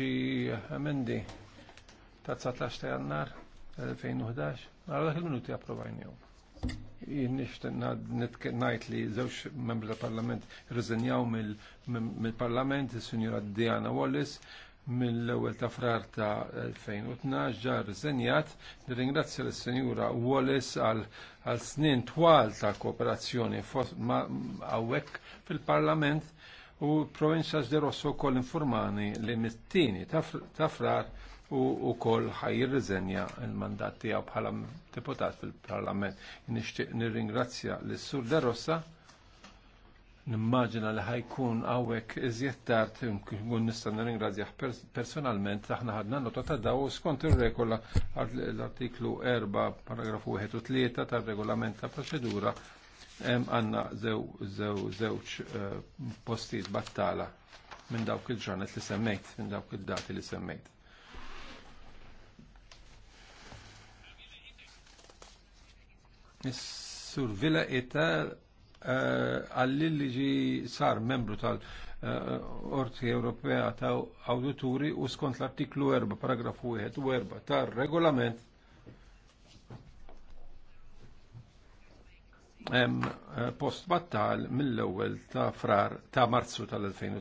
xi emendi ta' 19 ta' jannar 2011, għal dak il-minuti approvajnijom. Nishtan najt li zewx membri tal-parlament rizenjaw mill-parlament, il-sinjora Diana Wallis, mill-ewel ta' frar ta' 2012 ġa riżenjat, nirringrazzja l-Senjura Wallis għal snin twal ta' kooperazzjoni għawek fil-Parlament u provinċa Rosso kol informani li mit-tieni ta' frar u kol ħajir rizenja il-mandat tiegħu bħala deputat fil-Parlament. Nixtieq nirringrazzja lis sur De Rossa Nimmaġina li ħajkun għawek iżjed tard kun nista' nirringrazzjah personalment aħna ħadna nota ta' daw skont ir-regola l-artiklu 4 paragrafu 1 u 3 tar-regolament ta' proċedura għanna zewċ eh, postijiet battala minn dawk il-ġranet li semmejt, minn dawk il-dati li semmejt. Is-survila Eh, għallil li ġi sar membru tal- Orti Ewropea ta' Auditori u skont l-artiklu 4, paragrafu 1 u 4 tar regolament hemm eh, post battal mill-ewwel ta' frar ta' Marzu tal-2000.